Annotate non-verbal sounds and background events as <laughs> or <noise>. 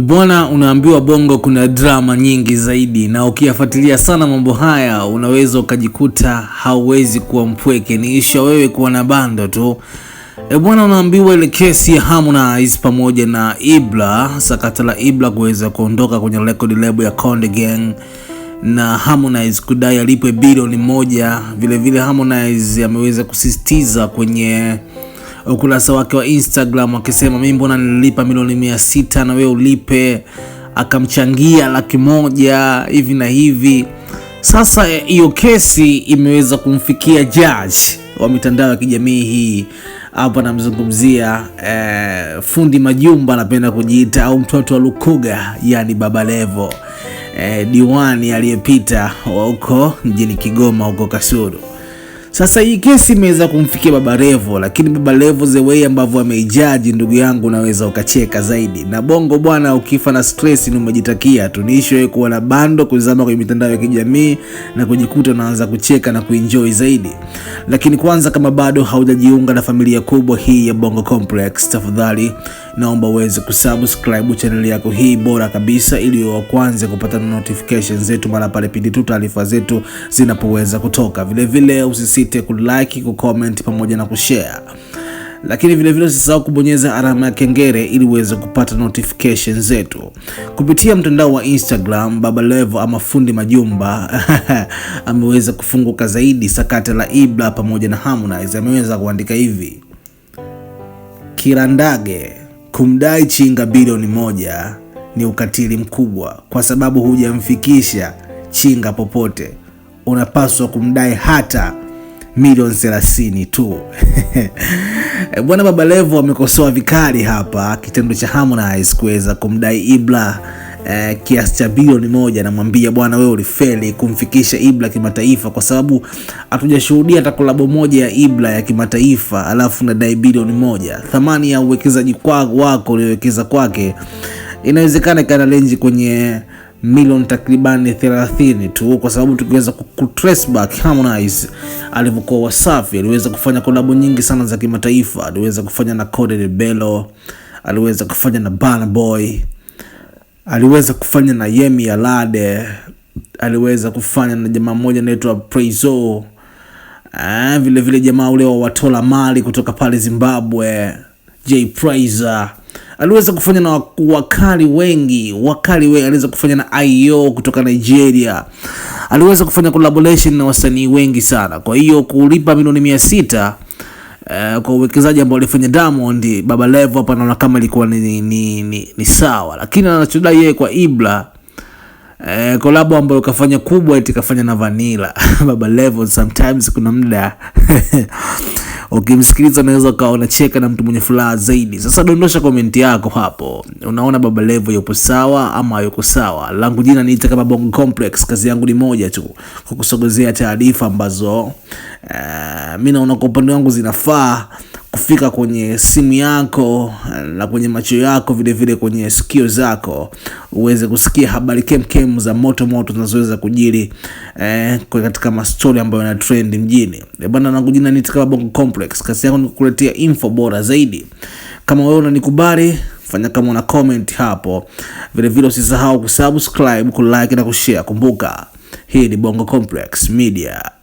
Bwana, unaambiwa Bongo kuna drama nyingi zaidi, na ukiyafuatilia sana mambo haya unaweza ukajikuta hauwezi kuwa mpweke, ni isha wewe kuwa na bando tu. E bwana, unaambiwa ile kesi ya Harmonize pamoja na Ibla, sakata la Ibla kuweza kuondoka kwenye record label ya Konde Gang na Harmonize kudai alipwe bilioni moja. Vilevile Harmonize ameweza kusisitiza kwenye ukurasa wake wa Instagram akisema mimi mbona nililipa milioni mia sita na wewe ulipe, akamchangia laki moja hivi na hivi. Sasa eh, hiyo kesi imeweza kumfikia judge wa mitandao ya kijamii hii hapa namzungumzia eh, fundi majumba anapenda kujiita au mtoto wa Lukuga, yani Baba Levo eh, diwani aliyepita huko mjini Kigoma huko Kasulu. Sasa hii kesi imeweza kumfikia Baba Levo, lakini Baba Levo the way ambavyo ameijaji, ndugu yangu, unaweza ukacheka zaidi. Na Bongo bwana, ukifa na stress ni umejitakia tunishwe kuwa na bando kuzama kwenye mitandao ya kijamii na kujikuta unaanza kucheka na kuenjoy zaidi. Lakini kwanza, kama bado haujajiunga na familia kubwa hii ya Bongo Complex, tafadhali naomba uweze kusubscribe chaneli yako hii bora kabisa, ili wa kwanza kupata notification zetu mara pale pindi tu taarifa zetu zinapoweza kutoka. Vilevile usisite kulike, kucomment pamoja na kushare lakini vilevile usisahau kubonyeza alama ya kengele ili uweze kupata notification zetu kupitia mtandao wa Instagram. Baba Levo ama fundi majumba <laughs> ameweza kufunguka zaidi sakata la Ibra pamoja na Harmonize. Ameweza kuandika hivi kila ndage Kumdai Chinga bilioni moja ni ukatili mkubwa, kwa sababu hujamfikisha Chinga popote. Unapaswa kumdai hata milioni thelathini tu. <laughs> Bwana Baba Levo amekosoa vikali hapa kitendo cha Harmonize kuweza kumdai Ibra eh, kiasi cha bilioni moja, namwambia bwana, wewe ulifeli kumfikisha Ibra kimataifa, kwa sababu hatujashuhudia hata kolabo moja ya Ibra ya kimataifa, alafu unadai bilioni moja. Thamani ya uwekezaji wako uliowekeza kwake inawezekana ikana renji kwenye milioni takribani 30 tu, kwa sababu tukiweza ku trace back Harmonize alivyokuwa Wasafi, aliweza kufanya kolabo nyingi sana za kimataifa, aliweza kufanya na Code Rebelo, aliweza kufanya na Burna Boy aliweza kufanya na Yemi Alade, aliweza kufanya na jamaa mmoja anaitwa Prezo eh, vile vile jamaa ule wa Watola Mali kutoka pale Zimbabwe J Prize aliweza kufanya na wakali wengi, wakali wengi aliweza kufanya na IO kutoka Nigeria, aliweza kufanya collaboration na wasanii wengi sana. Kwa hiyo kulipa milioni mia sita Eh, kwa uwekezaji ambao alifanya Diamond Baba Levo hapa naona kama ilikuwa ni, ni, ni, ni sawa, lakini anachodai yeye kwa Ibra Eh, kolabo ambayo kafanya kubwa eti kafanya na Vanilla <laughs> Baba Levo, sometimes kuna muda <laughs> ukimsikiliza unaweza ukawa unacheka na mtu mwenye furaha zaidi. Sasa dondosha komenti yako hapo, unaona Baba Levo yupo sawa ama yuko sawa? Langu jina niita kama Bongo Complex, kazi yangu ni moja tu, kukusogezea taarifa ambazo uh, eh, mi naona kwa upande wangu zinafaa kufika kwenye simu yako eh, na kwenye macho yako vile vile kwenye sikio zako uweze kusikia habari kemkem za moto moto zinazoweza kujiri eh, katika mastori ambayo yana trend mjini E eh, bana. nangu jina ni Tikaba Bongo Complex, kazi yangu ni kukuletea info bora zaidi. Kama wewe unanikubali fanya kama una comment hapo, vile vile, usisahau kusubscribe, kulike na kushare. Kumbuka hii ni Bongo Complex Media.